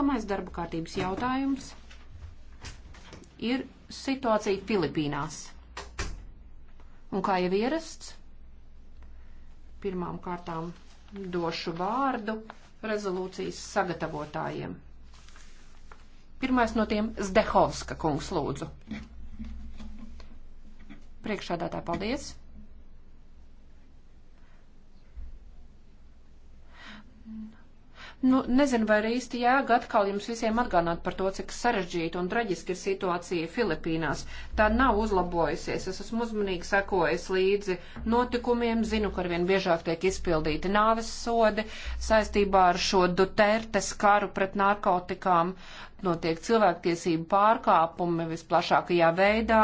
Nākamais darba kārtības jautājums ir situācija Filipīnās. Un kā jau ierasts, pirmām kārtām došu vārdu rezolūcijas sagatavotājiem. Pirmais no tiem - Zdehovska kungs lūdzu. Priekšādātā paldies. Nu, nezinu, vai arī īsti jēga atkal jums visiem atgādināt par to, cik sarežģīta un traģiska ir situācija Filipīnās. Tā nav uzlabojusies. Es esmu uzmanīgi sekojis līdzi notikumiem, zinu, ka arvien biežāk tiek izpildīti nāves sodi saistībā ar šo Dutertes karu pret narkotikām notiek cilvēktiesību pārkāpumi visplašākajā veidā.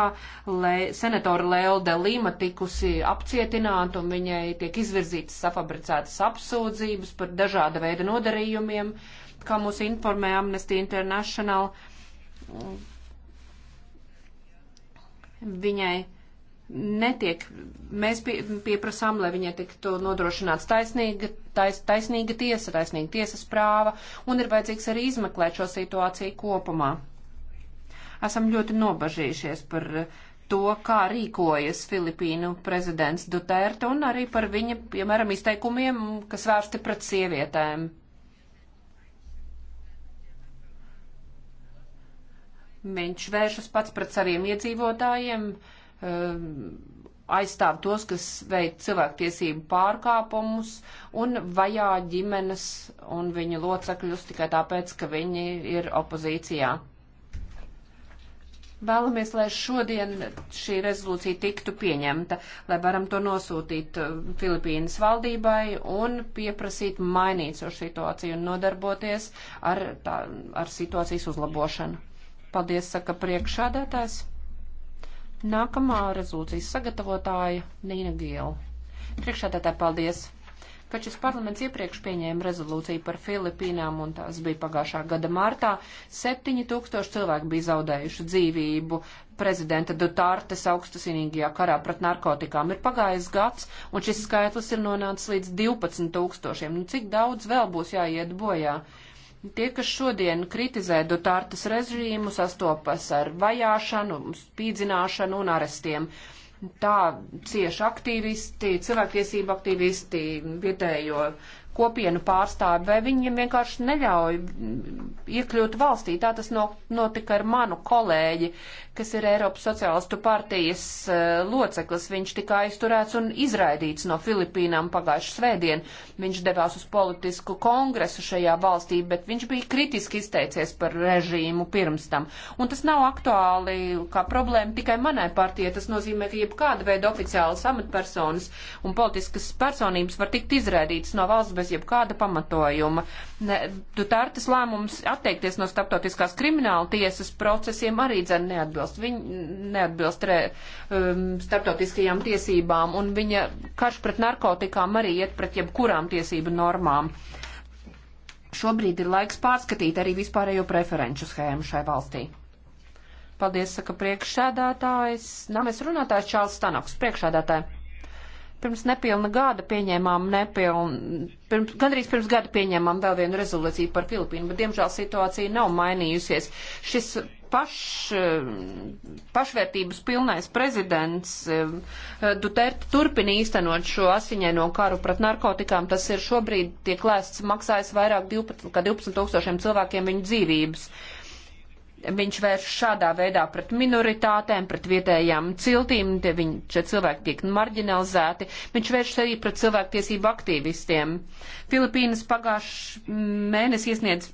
Le, senatora Leilde Lima tikusi apcietināta un viņai tiek izvirzītas safabricētas apsūdzības par dažāda veida nodarījumiem, kā mūs informē Amnesty International. Viņai netiek, mēs pie, pieprasām, lai viņai tiktu nodrošināts taisnīga, tais, taisnīga tiesa, taisnīga tiesas prāva, un ir vajadzīgs arī izmeklēt šo situāciju kopumā. Esam ļoti nobažījušies par to, kā rīkojas Filipīnu prezidents Duterte un arī par viņa, piemēram, izteikumiem, kas vērsti pret sievietēm. Viņš vēršas pats pret saviem iedzīvotājiem, uh, Um, aizstāv tos, kas veic cilvēktiesību pārkāpumus un vajā ģimenes un viņu locekļus tikai tāpēc, ka viņi ir opozīcijā. Vēlamies, lai šodien šī rezolūcija tiktu pieņemta, lai varam to nosūtīt um, Filipīnas valdībai un pieprasīt mainīt šo situāciju un nodarboties ar, tā, ar situācijas uzlabošanu. Paldies, saka priekšādātājs. Nākamā rezolūcijas sagatavotāja Nīna Giela. Priekšādātāji, paldies! Kad šis parlaments iepriekš pieņēma rezolūciju par Filipīnām, un tās bija pagājušā gada martā, 7000 cilvēku bija zaudējuši dzīvību prezidenta Dutārtes augstasinīgajā karā pret narkotikām. Ir pagājis gads, un šis skaitlis ir nonācis līdz 12 tūkstošiem. Nu, cik daudz vēl būs jāiet bojā? Tie, kas šodien kritizē Dutārtas režīmu, sastopas ar vajāšanu, spīdzināšanu un arestiem. Tā cieši aktīvisti, cilvēktiesību aktīvisti, vietējo kopienu pārstāvi, vai viņiem vienkārši neļauj iekļūt valstī. Tā tas no, notika ar manu kolēģi, kas ir Eiropas sociālistu partijas uh, loceklis. Viņš tika aizturēts un izraidīts no Filipīnām pagājušas svētdien. Viņš devās uz politisku kongresu šajā valstī, bet viņš bija kritiski izteicies par režīmu pirms tam. Un tas nav aktuāli kā problēma tikai manai partijai. Tas nozīmē, ka jebkāda veida oficiālas amatpersonas un politiskas personības var tikt izraidītas no valsts bez bez jebkāda pamatojuma. Dutārtas lēmums atteikties no starptautiskās krimināla tiesas procesiem arī dzen neatbilst. Viņa neatbilst re, um, starptautiskajām tiesībām un viņa karš pret narkotikām arī iet pret jebkurām tiesību normām. Šobrīd ir laiks pārskatīt arī vispārējo preferenču schēmu šai valstī. Paldies, saka priekšsēdētājs. Nāmies runātājs Čāls Stanoks, priekšsēdētāji. Pirms nepilna gada pieņēmām nepilnu, pirms, gandrīz pirms gada pieņēmām vēl vienu rezolūciju par Filipīnu, bet diemžēl situācija nav mainījusies. Šis paš, pašvērtības pilnais prezidents eh, Duterte turpina īstenot šo asiņaino karu pret narkotikām. Tas ir šobrīd tiek lēsts maksājis vairāk 12, kā 12 tūkstošiem cilvēkiem viņu dzīvības. Uh, viņš vērš šādā veidā pret minoritātēm, pret vietējām ciltīm, tie viņi, šie cilvēki tiek marginalizēti, viņš vēršas arī pret cilvēktiesību aktīvistiem. Filipīnas pagājušajā mēnesī iesniedz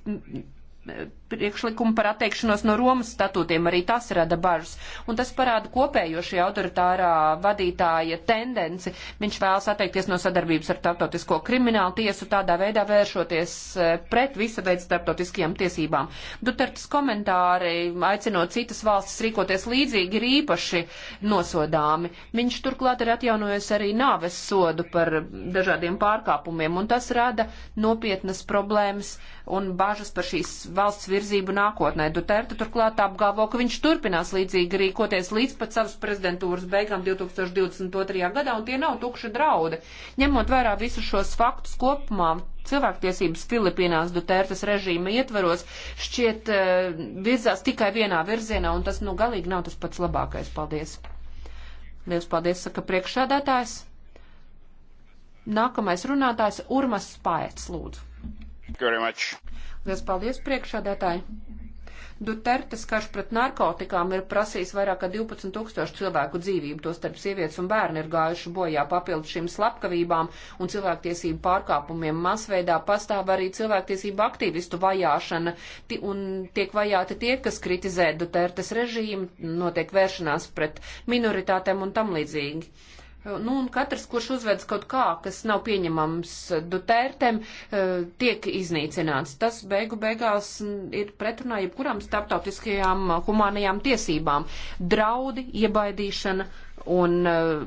priekšlikumu par atteikšanos no Romas statūtiem, arī tas rada bažas. Un tas parāda kopējo šī autoritārā vadītāja tendenci. Viņš vēlas atteikties no sadarbības ar starptautisko kriminālu tiesu, tādā veidā vēršoties eh, pret visa veida starptautiskajām tiesībām. Dutertas komentāri, aicinot citas valstis rīkoties līdzīgi, ir īpaši nosodāmi. Viņš turklāt ir atjaunojis arī nāves sodu par dažādiem pārkāpumiem, un tas rada nopietnas problēmas un bažas par šīs valsts virzību nākotnē. Duterte turklāt apgalvo, ka viņš turpinās līdzīgi rīkoties līdz pat savas prezidentūras beigām 2022. gadā, un tie nav tukši draudi. Ņemot vērā visus šos faktus kopumā, cilvēktiesības Filipīnās Dutertes režīma ietveros šķiet uh, virzās tikai vienā virzienā, un tas nu galīgi nav tas pats labākais. Paldies! Liels paldies, saka priekšsādātājs. Nākamais runātājs Urmas Spāets, lūdzu. Thank you very much. Liels paldies priekšādētāji! Dutertes karš pret narkotikām ir prasījis vairāk kā 12 tūkstošu cilvēku dzīvību, tostarp sievietes un bērni ir gājuši bojā papildus šīm slepkavībām un cilvēktiesību pārkāpumiem. Masveidā pastāv arī cilvēktiesību aktīvistu vajāšana un tiek vajāti tie, kas kritizē Dutertes režīmu, notiek vēršanās pret minoritātēm un tam līdzīgi. Eh, nu, un katrs, kurš uzvedas kaut kā, kas nav pieņemams Dutērtēm, eh, tiek iznīcināts. Tas beigu beigās ir pretrunā jebkurām starptautiskajām eh, humānajām tiesībām. Draudi, iebaidīšana Un eh,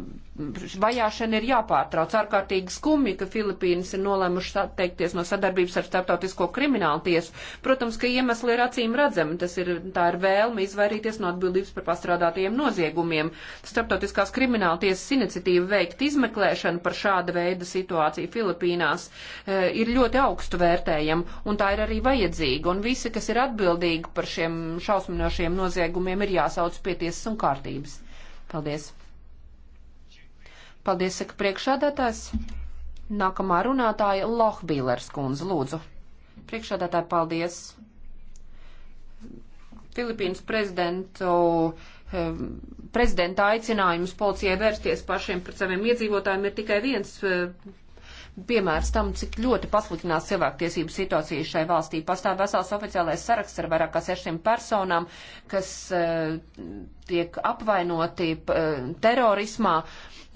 vajāšana ir jāpārtrauc. Ārkārtīgi skumji, ka Filipīnas ir nolēmušas atteikties no sadarbības ar starptautisko kriminālu tiesu. Protams, ka iemesli ir acīm redzami. Tas ir, tā ir vēlme izvairīties no atbildības par pastrādātajiem noziegumiem. Starptautiskās krimināla tiesas iniciatīva veikt izmeklēšanu par šāda veida situāciju Filipīnās e, ir ļoti augstu vērtējama, un tā ir arī vajadzīga. Un visi, kas ir atbildīgi par šiem šausminošiem noziegumiem, ir jāsauc pie tiesas un kārtības. Paldies! Paldies, saka priekšādātājs. Nākamā runātāja Lohbīlers kundze, lūdzu. Priekšādātāji, paldies. Filipīnas prezidentu eh, prezidenta aicinājums policijai vērsties pašiem pret saviem iedzīvotājiem ir tikai viens eh, piemērs tam, cik ļoti pasliktinās cilvēktiesību situācija šai valstī. Pastāv vesels oficiālais saraksts ar vairāk kā sešiem personām, kas eh, tiek apvainoti e, terorismā.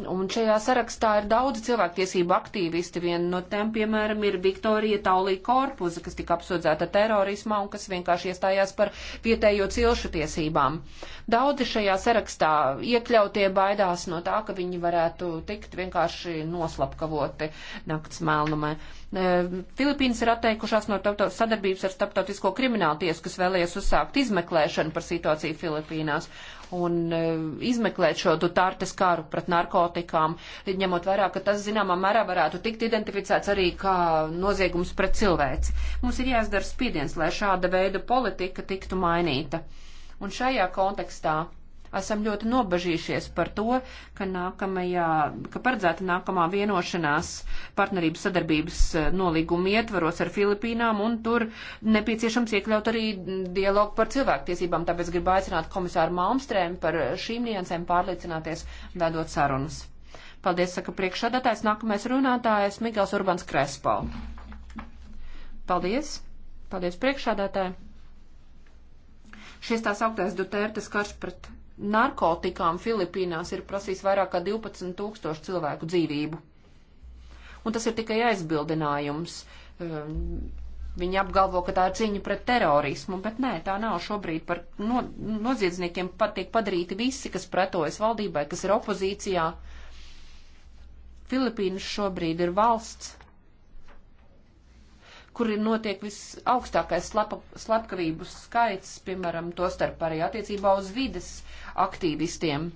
Un šajā sarakstā ir daudz cilvēktiesību aktīvisti. Viena no tiem, piemēram, ir Viktorija Taulija Korpuza, kas tika apsūdzēta terorismā un kas vienkārši iestājās par vietējo cilšu tiesībām. Daudzi šajā sarakstā iekļautie baidās no tā, ka viņi varētu tikt vienkārši noslapkavoti nakts mēlnumē. E, Filipīnas ir atteikušās no sadarbības ar starptautisko kriminālu tiesu, kas vēlējies uzsākt izmeklēšanu par situāciju Filipīnās un e, izmeklēt šo Dutartes karu pret narkotikām, ņemot vairāk, ka tas zināmā mērā varētu tikt identificēts arī kā noziegums pret cilvēci. Mums ir jāizdara spiediens, lai šāda veida politika tiktu mainīta. Un šajā kontekstā Esam ļoti nobežījušies par to, ka, nākamajā, ka paredzēta nākamā vienošanās partnerības sadarbības eh, nolīguma ietvaros ar Filipīnām, un tur nepieciešams iekļaut arī dialogu par cilvēktiesībām. Tāpēc gribu aicināt komisāru Malmstrēmu par šīm niansēm pārliecināties, vedot sarunas. Paldies, saka priekšsādātājs. Nākamais runātājs Migels Urbans Krespal. Paldies. Paldies priekšsādātājai. Šis tās augtais Dutertes karš pret narkotikām Filipīnās ir prasījis vairāk kā 12 tūkstošu cilvēku dzīvību. Un tas ir tikai aizbildinājums. Ehm, viņi apgalvo, ka tā ir cīņa pret terorismu, bet nē, tā nav šobrīd. Par no, noziedzniekiem patiek padarīti visi, kas pretojas valdībai, kas ir opozīcijā. Filipīnas šobrīd ir valsts, kur ir notiek visaugstākais slapa, slepkavību skaits, piemēram, to starp arī attiecībā uz vides aktīvistiem.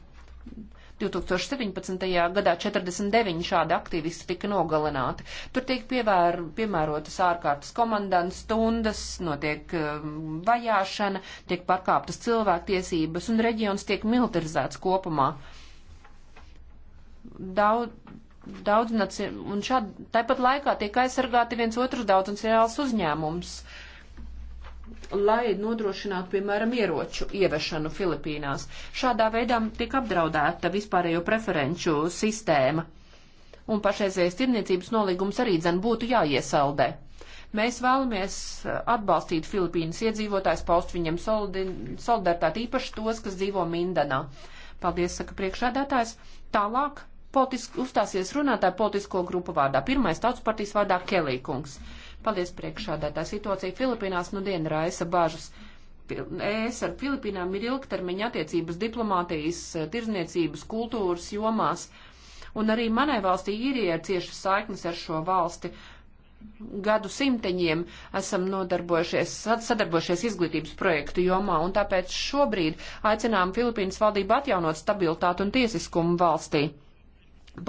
2017. gadā 49 šādi aktīvisti tika nogalināti. Tur tiek pievēr, piemērotas ārkārtas komandantas stundas, notiek um, vajāšana, tiek pārkāptas cilvēktiesības un reģions tiek militarizēts kopumā. Daudz, daudz, un šādi tāpat laikā tiek aizsargāti viens otrs daudz un seriāls uzņēmums. Uh, lai nodrošinātu, piemēram, ieroču ievešanu Filipīnās. Šādā veidā tiek apdraudēta vispārējo preferenču sistēma. Un pašreizējais tirniecības nolīgums arī dzen būtu jāiesaldē. Mēs vēlamies uh, atbalstīt Filipīnas iedzīvotājs, paust viņiem solidaritāti īpaši tos, kas dzīvo Mindanā. Paldies, saka priekšādātājs. Tālāk politiski, uzstāsies runātāja politisko grupu vārdā. Pirmais tautas partijas vārdā Kelī kungs. Paldies priekšādātā situācija. Filipīnās nu dien raisa bažas. Es ar Filipīnām ir ilgtermiņa attiecības diplomātijas, tirzniecības, kultūras jomās. Un arī manai valstī īrija ir cieši saiknes ar šo valsti. Gadu simteņiem esam nodarbojušies, sadarbojušies izglītības projektu jomā, un tāpēc šobrīd aicinām Filipīnas valdību atjaunot stabilitātu un tiesiskumu valstī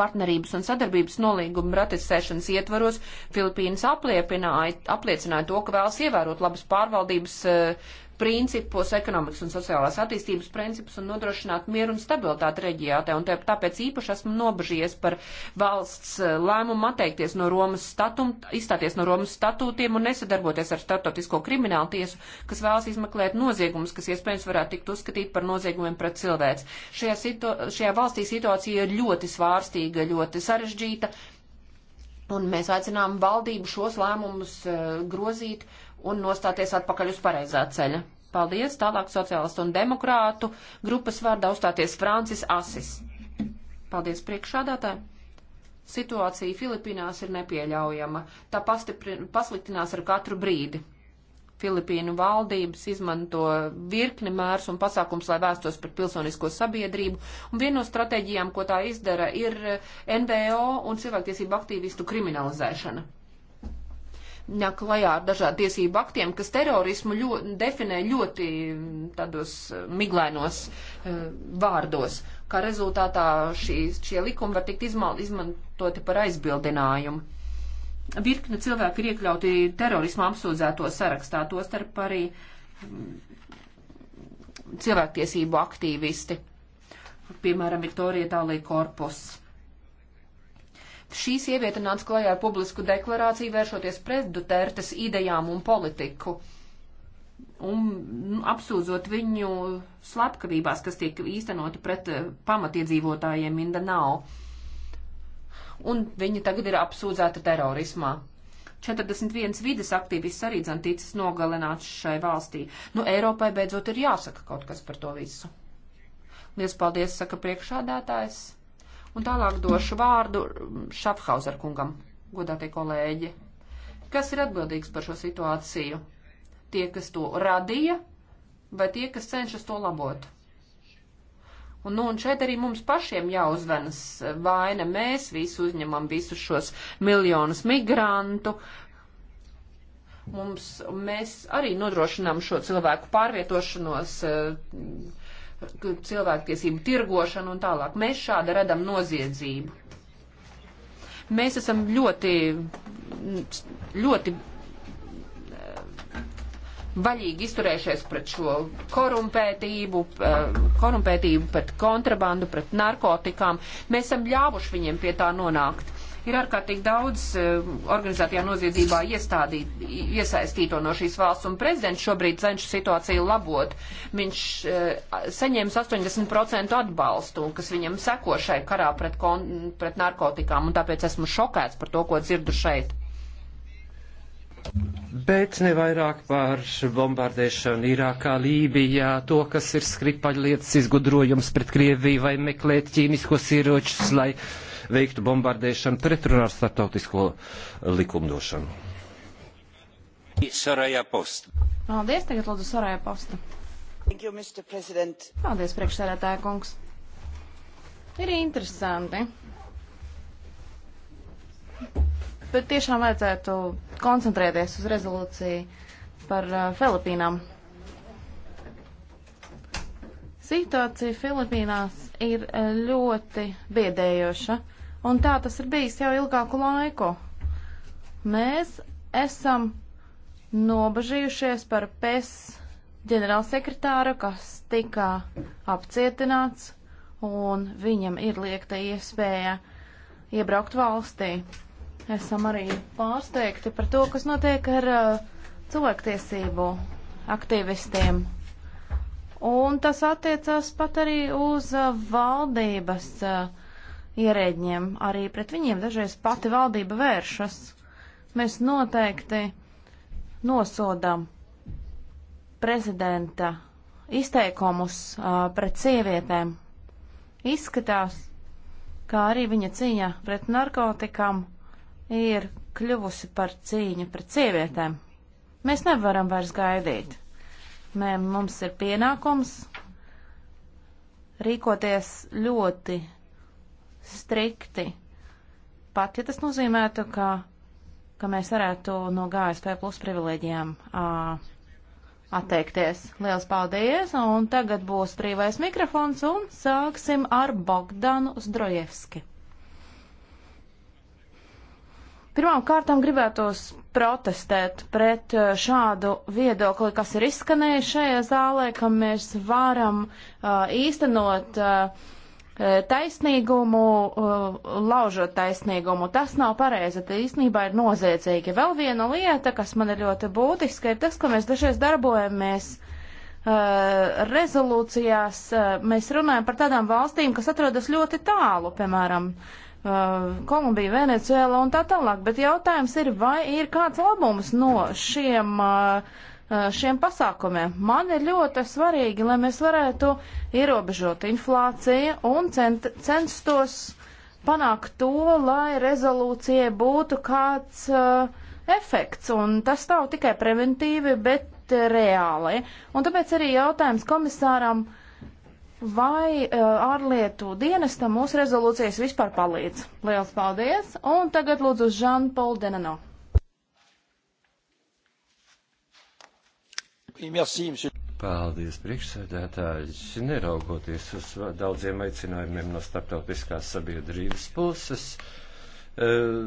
partnerības un sadarbības nolīguma ratificēšanas ietvaros Filipīnas apliecināja to, ka vēlas ievērot labas pārvaldības uh, principus, ekonomikas un sociālās attīstības principus un nodrošināt mieru un stabilitāti reģionā. Un tāpēc īpaši esmu nobežies par valsts eh, lēmumu atteikties no Romas statum, izstāties no Romas statūtiem un nesadarboties ar starptautisko kriminālu tiesu, kas vēlas izmeklēt noziegumus, kas iespējams varētu tikt uzskatīt par noziegumiem pret cilvēks. Šajā, situ, šajā valstī situācija ir ļoti svārstīga, ļoti sarežģīta. Un mēs aicinām valdību šos lēmumus uh, grozīt uh, un nostāties atpakaļ uz pareizā ceļa. Paldies, tālāk sociālistu un demokrātu grupas vārdā uzstāties Francis Asis. Paldies priekšādātāji. Situācija Filipīnās ir nepieļaujama. Tā pasliktinās ar katru brīdi. Filipīnu valdības izmanto virkni mērs un pasākums, lai vēstos pret pilsonisko sabiedrību. Un viena no stratēģijām, ko tā izdara, ir NVO un cilvēktiesību aktīvistu kriminalizēšana nāk klajā ar dažādu tiesību aktiem, kas terorismu ļo, definē ļoti tādos eh, miglainos uh, eh, vārdos. Kā rezultātā šī, šie likumi var tikt izmal, izmantoti par aizbildinājumu. Virkne cilvēku ir iekļauti terorismu apsūdzēto sarakstā, to starp arī um, cilvēktiesību aktīvisti. Piemēram, Viktorija Tālī korpus Šī sieviete nāca klajā ar publisku deklarāciju, vēršoties pret Dutertes idejām un politiku un nu, apsūdzot viņu slepkavībās, kas tiek īstenoti pret eh, pamatiedzīvotājiem Mindanao. Un viņa tagad ir apsūdzēta terorismā. 41 vides aktīvists arī dzantīcis nogalināts šai valstī. Nu, Eiropai beidzot ir jāsaka kaut kas par to visu. Lies paldies, saka priekšādātājs. Un tālāk došu vārdu Šafhauser kungam, godātie kolēģi. Kas ir atbildīgs par šo situāciju? Tie, kas to radīja, vai tie, kas cenšas to labot? Un, nu, un šeit arī mums pašiem jāuzvenas vaina. Mēs visi uzņemam visus šos miljonus migrantu. Mums, mēs arī nodrošinām šo cilvēku pārvietošanos. Uh, cilvēktiesību tirgošanu un tālāk. Mēs šādi radam noziedzību. Mēs esam ļoti, ļoti eh, vaļīgi izturējušies pret šo korumpētību, eh, korumpētību, pret kontrabandu, pret narkotikām. Mēs esam ļāvuši viņiem pie tā nonākt. Ir ārkārtīgi daudz eh, organizētajā noziedzībā iesaistīto no šīs valsts, un prezidents šobrīd cenšas situāciju labot. Viņš eh, saņēmis 80% atbalstu, kas viņam seko šai karā pret, kon, pret narkotikām, un tāpēc esmu šokēts par to, ko dzirdu šeit. Bet ne vairāk par bombardēšanu Irākā, Lībijā, to, kas ir skripaļlietas izgudrojums pret Krieviju vai meklēt ķīmiskos ieročus, lai uh, veiktu bombardēšanu pretrunā ar starptautisko likumdošanu. Soraya Post. Paldies, tagad lūdzu Soraya Posta. Thank you, Mr. President. Paldies, priekšsēdētāja kungs. Ir interesanti. Bet tiešām vajadzētu koncentrēties uz rezolūciju par uh, Filipīnām. Situācija Filipīnās ir uh, ļoti biedējoša. Un tā tas ir bijis jau ilgāku laiku. Mēs esam nobažījušies par PES ģenerālsekretāru, kas tika apcietināts, un viņam ir liekta iespēja iebraukt valstī. Esam arī pārsteigti par to, kas notiek ar uh, cilvēktiesību aktīvistiem. Un tas attiecās pat arī uz uh, valdības uh, ierēģiem, arī pret viņiem dažreiz pati valdība vēršas. Mēs noteikti nosodam prezidenta izteikumus uh, pret sievietēm. Izskatās, kā arī viņa cīņa pret narkotikām ir kļuvusi par cīņu pret sievietēm. Mēs nevaram vairs gaidīt. Mē, mums ir pienākums rīkoties ļoti strikti. Pat ja tas nozīmētu, ka, ka mēs varētu no GSP plus privilēģiem uh, atteikties. Liels paldies! Un tagad būs brīvais mikrofons un sāksim ar Bogdanu Zdrojevski. Pirmām kārtām gribētos protestēt pret šādu viedokli, kas ir izskanējis šajā zālē, ka mēs varam uh, īstenot uh, E, taisnīgumu, e, laužot taisnīgumu. Tas nav pareizi, tas īstenībā ir noziedzīgi. Vēl viena lieta, kas man ir ļoti būtiska, ir tas, ka mēs dažreiz darbojamies e, rezolūcijās. Mēs runājam par tādām valstīm, kas atrodas ļoti tālu, piemēram, Kolumbija, Venecuēla un tā tālāk, bet jautājums ir, vai ir kāds labums no šiem uh, šiem pasākumiem. Man ir ļoti svarīgi, lai mēs varētu ierobežot inflāciju un cent, censtos panākt to, lai rezolūcijai būtu kāds uh, efekts. Un tas nav tikai preventīvi, bet reāli. Un tāpēc arī jautājums komisāram, vai uh, ārlietu dienestam mūsu rezolūcijas vispār palīdz. Liels paldies! Un tagad lūdzu Žanpolu Denano. Paldies, priekšsēdētājs. Neraugoties uz daudziem aicinājumiem no starptautiskās sabiedrības puses, eh,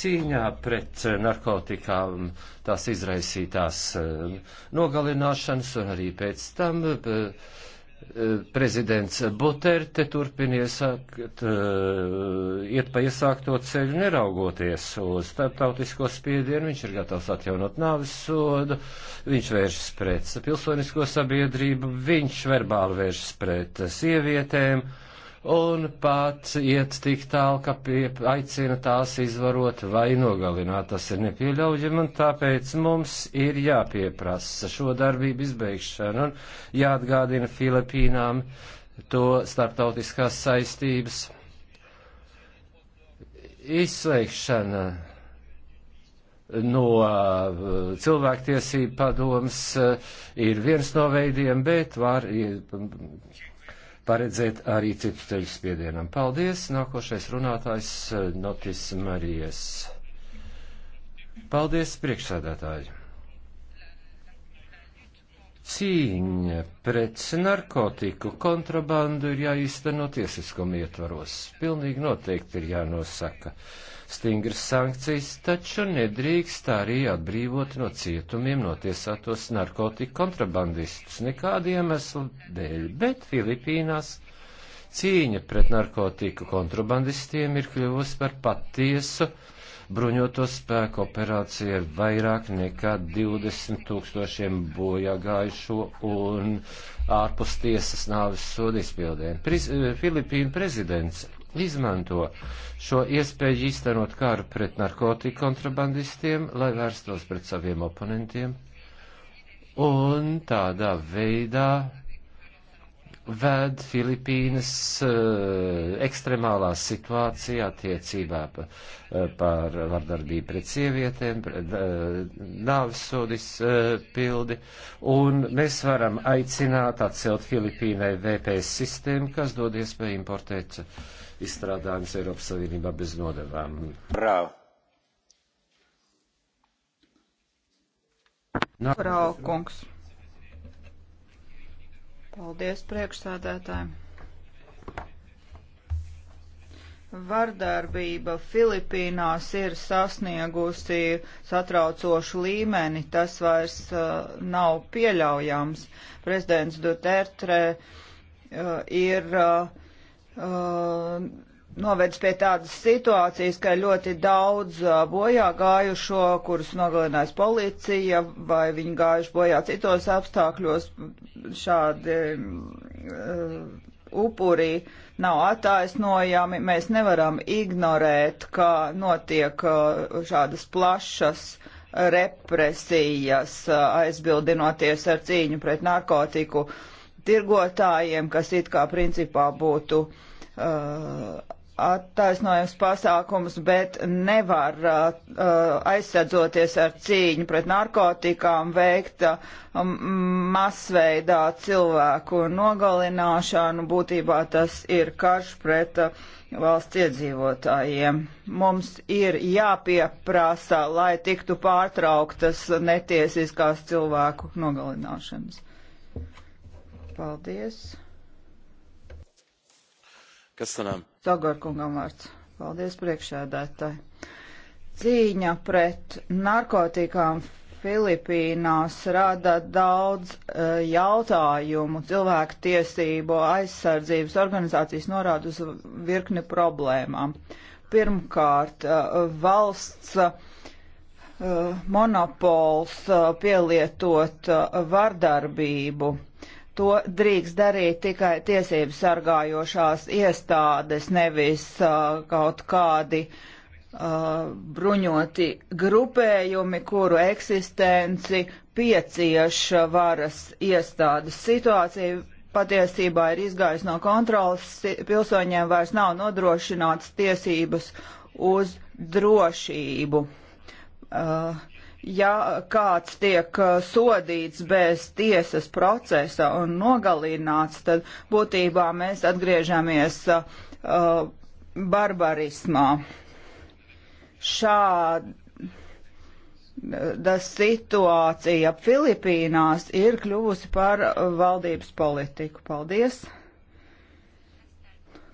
cīņā pret narkotikām tās izraisītās eh, nogalināšanas un arī pēc tam eh, prezidents Buterte turpina iesākt, eh, iet pa iesākto ceļu neraugoties uz starptautisko spiedienu, viņš ir gatavs atjaunot nāvis sodu, viņš vēršas pret pilsonisko sabiedrību, viņš verbāli vēršas pret sievietēm, uh, un pat iet tik tālu, ka pie, aicina tās izvarot vai nogalināt. Tas ir nepieļaujami, un tāpēc mums ir jāpieprasa šo darbību izbeigšanu un jāatgādina Filipīnām to starptautiskās saistības izslēgšana no uh, cilvēktiesību padoms uh, ir viens no veidiem, bet var paredzēt arī citu ceļu spiedienam. Paldies! Nākošais runātājs eh, Notis Marijas. Paldies, priekšsēdētāji! Cīņa pret narkotiku kontrabandu ir jāīsteno tiesiskuma ietvaros. Pilnīgi noteikti ir jānosaka. Uh, stingras sankcijas, taču nedrīkst arī atbrīvot no cietumiem notiesātos narkotiku kontrabandistus nekāda iemesla dēļ, bet Filipīnās cīņa pret narkotiku kontrabandistiem ir kļuvusi par patiesu bruņoto spēku operācija ir vairāk nekā 20 tūkstošiem bojā gājušo un ārpus tiesas nāvis sodu izpildēm. Filipīnu prezidents izmanto šo iespēju īstenot kāru pret narkotiku kontrabandistiem, lai vērstos pret saviem oponentiem, un tādā veidā ved Filipīnas uh, ekstremālā situācija attiecībā pa, uh, par vardarbību pret sievietēm, pret uh, eh, nāvis sodis pildi, un mēs varam aicināt atcelt Filipīnai VPS sistēmu, kas dod iespēju importēt uh, izstrādājums Eiropas Savienībā bez nodevām. Bravo! Bravo, kungs! Paldies priekšsādētājiem! Vardarbība Filipīnās ir sasniegusi satraucošu līmeni, tas vairs uh, nav pieļaujams. Prezidents Duterte uh, ir uh, Uh, noved pie tādas situācijas, ka ļoti daudz uh, bojā gājušo, kurus nogalinājis policija, vai viņi gājuši bojā citos apstākļos, šādi uh, upurī nav attaisnojami. Mēs nevaram ignorēt, ka notiek uh, šādas plašas represijas, uh, aizbildinoties ar cīņu pret narkotiku. Uh, tirgotājiem, kas it kā principā būtu uh, attaisnojums pasākums, bet nevar uh, uh aizsadzoties ar cīņu pret narkotikām, veikt uh, masveidā cilvēku nogalināšanu. Būtībā tas ir karš pret uh, valsts iedzīvotājiem. Mums ir jāpieprasa, lai tiktu pārtrauktas netiesiskās cilvēku nogalināšanas. Paldies. Kas sanām? Tagor kungam vārds. Paldies priekšēdētāji. Cīņa pret narkotikām Filipīnās rada daudz uh, jautājumu. Cilvēku tiesību aizsardzības organizācijas norāda uz virkni problēmām. Pirmkārt, uh, valsts uh, monopols pielietot vardarbību To drīkst darīt tikai tiesību sargājošās iestādes, nevis uh, kaut kādi uh, bruņoti grupējumi, kuru eksistenci piecieš varas iestādes. Situācija patiesībā ir izgājusi no kontrolas, pilsoņiem vairs nav nodrošināts tiesības uz drošību. Uh, ja kāds tiek uh, sodīts bez tiesas procesa un nogalināts, tad būtībā mēs atgriežamies uh, uh, barbarismā. Šāda situācija Filipīnās ir kļuvusi par valdības politiku. Paldies!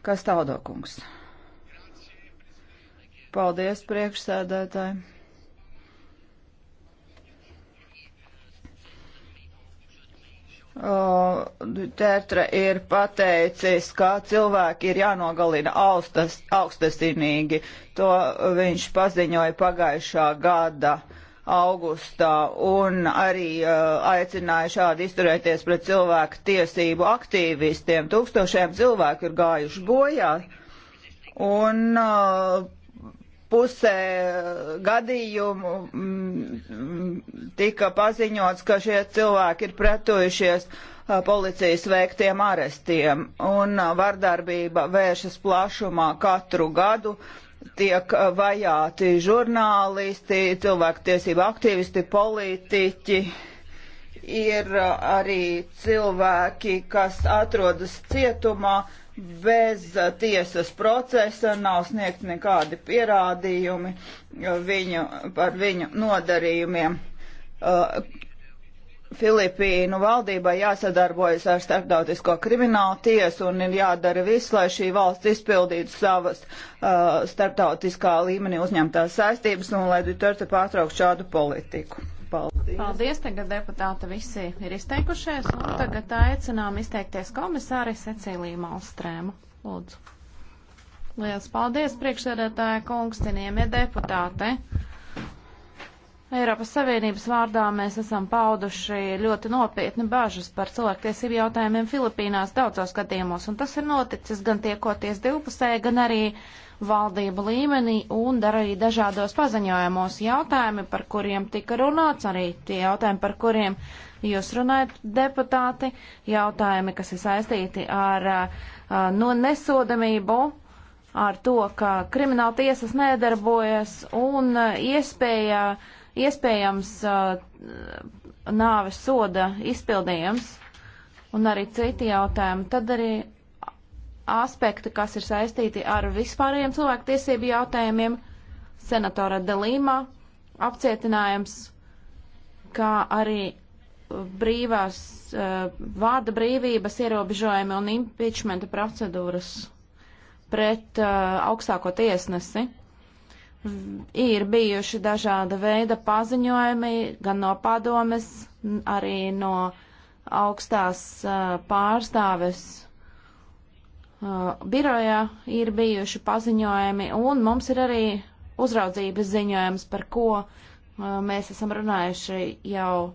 Kas taudokungs? Paldies priekšsēdētāji! Uh, Tētra ir pateicis, ka cilvēki ir jānogalina austas, augstasinīgi. To viņš paziņoja pagājušā gada augustā un arī uh, aicināja šādi izturēties pret cilvēku tiesību aktīvistiem. Tūkstošiem cilvēku ir gājuši bojā un uh, pusē eh, gadījumu mm, mm, tika paziņots, ka šie cilvēki ir pretojušies eh, policijas veiktiem arestiem, un eh, vardarbība vēršas plašumā katru gadu. Tiek vajāti žurnālisti, cilvēktiesība aktīvisti, politiķi. Ir arī cilvēki, kas atrodas cietumā, uh, bez tiesas procesa nav sniegt nekādi pierādījumi viņu, par viņu nodarījumiem. Uh, Filipīnu valdībai jāsadarbojas ar starptautisko kriminālu tiesu un ir jādara viss, lai šī valsts izpildītu savas uh, starptautiskā līmenī uzņemtās saistības un lai Duterte pārtrauktu šādu politiku. Paldies. Paldies, tagad deputāti visi ir izteikušies, un tagad aicinām izteikties komisāri Cecīliju Malstrēmu. Lūdzu. Lielas paldies, priekšsēdētāja kungs, cienījamie deputāti. Eiropas Savienības vārdā mēs esam pauduši ļoti nopietni bažas par cilvēktiesību jautājumiem Filipīnās daudzos gadījumos, un tas ir noticis gan tiekoties divpusēji, gan arī valdību līmenī un arī dažādos paziņojumos jautājumi, par kuriem tika runāts, arī tie jautājumi, par kuriem jūs runājat, deputāti, jautājumi, kas ir saistīti ar no nu, nesodamību ar to, ka krimināla tiesas nedarbojas un iespēja uh, iespējams uh, nāves soda izpildījums un arī citi jautājumi, tad arī aspekti, kas ir saistīti ar vispārējiem cilvēktiesību jautājumiem, senatora Delīma apcietinājums, kā arī brīvās, uh, vārda brīvības ierobežojumi un impeachmenta procedūras pret uh, augstāko tiesnesi ir bijuši dažāda veida paziņojumi gan no padomes, arī no augstās uh, pārstāves uh, birojā ir bijuši paziņojumi, un mums ir arī uzraudzības ziņojums, par ko uh, mēs esam runājuši jau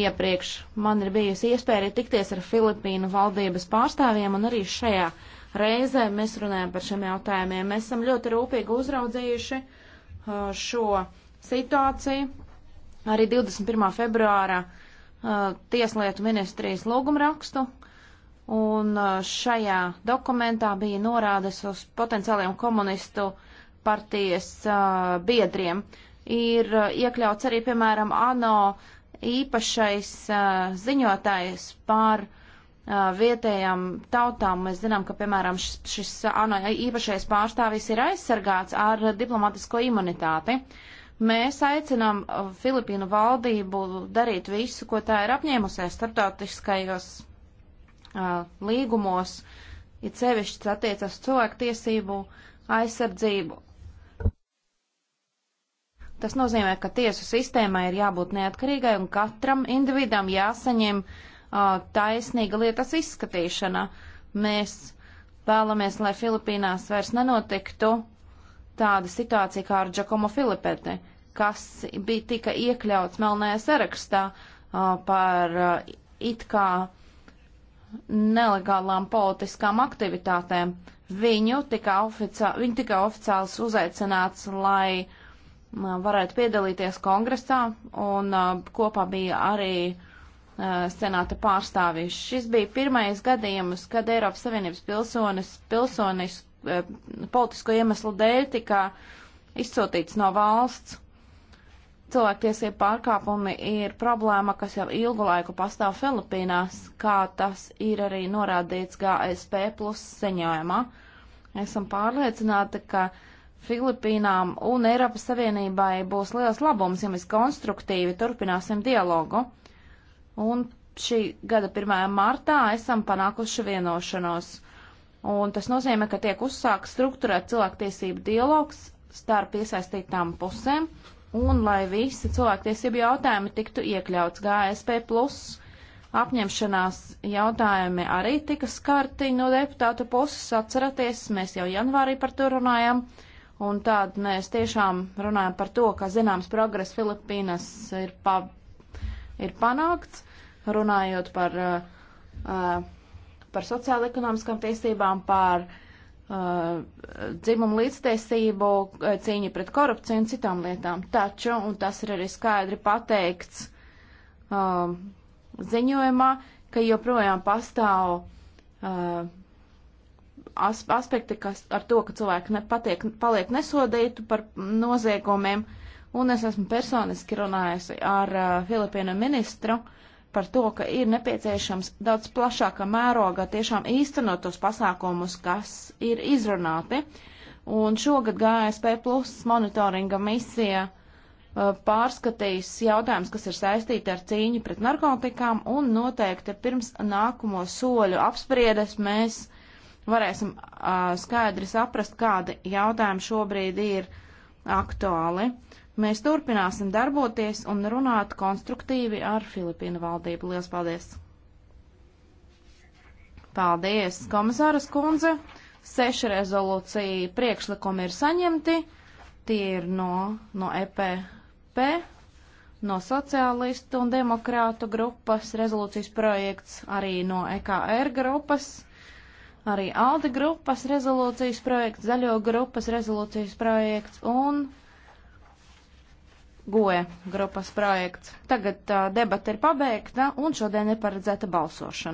iepriekš. Man ir bijusi iespēja arī tikties ar Filipīnu valdības pārstāvjiem, un arī šajā reizē mēs runājam par šiem jautājumiem. Mēs esam ļoti rūpīgi uzraudzījuši uh, šo situāciju. Arī 21. februāra Tieslietu ministrijas lūgumrakstu, un šajā dokumentā bija norādes uz potenciāliem komunistu partijas biedriem. Ir iekļauts arī, piemēram, ANO īpašais ziņotājs par uh, vietējām tautām. Mēs zinām, ka, piemēram, šis, šis ano, īpašais pārstāvis ir aizsargāts ar diplomatisko imunitāti. Mēs aicinām Filipīnu valdību darīt visu, ko tā ir apņēmusies starptautiskajos uh, līgumos, ir ja sevišķi attiecas cilvēku tiesību aizsardzību. Tas nozīmē, ka tiesu sistēmai ir jābūt neatkarīgai un katram individam jāsaņem uh, taisnīga lietas izskatīšana. Mēs vēlamies, lai Filipīnās vairs nenotiktu tāda situācija kā ar Giacomo Filipeti, kas bija tika iekļauts melnējā sarakstā par it kā nelegālām politiskām aktivitātēm. Viņu tika, oficiā, viņu tika oficiāls uzaicināts, lai varētu piedalīties kongresā, un kopā bija arī uh, Uh, senāta pārstāvis. Šis bija pirmais gadījums, kad Eiropas Savienības pilsonis, pilsonis uh, politisko iemeslu dēļ tika izsūtīts no valsts. Cilvēktiesība pārkāpumi ir problēma, kas jau ilgu laiku pastāv Filipīnās, kā tas ir arī norādīts GSP plus ziņojumā. Esam pārliecināti, ka Filipīnām un Eiropas Savienībai būs liels labums, ja mēs konstruktīvi turpināsim dialogu un šī gada 1. martā esam panākuši vienošanos. Un tas nozīmē, ka tiek uzsākt struktūrēt cilvēktiesību dialogs starp iesaistītām pusēm, un lai visi cilvēktiesību jautājumi tiktu iekļauts GSP plus apņemšanās jautājumi arī tika skarti no deputātu puses. Atceraties, mēs jau janvārī par to runājam, un tād mēs tiešām runājam par to, ka zināms progress Filipīnas ir pa ir panākts, runājot par, uh, uh, par sociāla-ekonomiskām tiesībām, par uh, dzimumu līdztiesību, cīņu pret korupciju un citām lietām. Taču, un tas ir arī skaidri pateikts um, ziņojumā, ka joprojām pastāv aspekti, kas ar to, ka cilvēki nepatiek, paliek nesodīti par noziegumiem, uh, Un es esmu personiski runājusi ar uh, Filipīnu ministru par to, ka ir nepieciešams daudz plašākā mērogā tiešām īstenot tos pasākumus, kas ir izrunāti. Un šogad GSP plus monitoringa misija uh, pārskatīs jautājums, kas ir saistīti ar cīņu pret narkotikām, un noteikti pirms nākamo soļu apspriedes mēs varēsim uh, skaidri saprast, kādi jautājumi šobrīd ir aktuāli. Uh, Mēs turpināsim darboties un runāt konstruktīvi ar Filipīnu valdību. Lielas paldies! Paldies, komisāras kundze! Seši rezolūcija priekšlikumi ir saņemti. Tie ir no, no EPP, no sociālistu un demokrātu grupas, rezolūcijas projekts arī no EKR grupas, arī ALDE grupas rezolūcijas projekts, zaļo grupas rezolūcijas projekts un goja grupas projekts. Tagad uh, debata ir pabeigta un šodien ir paredzēta balsošana.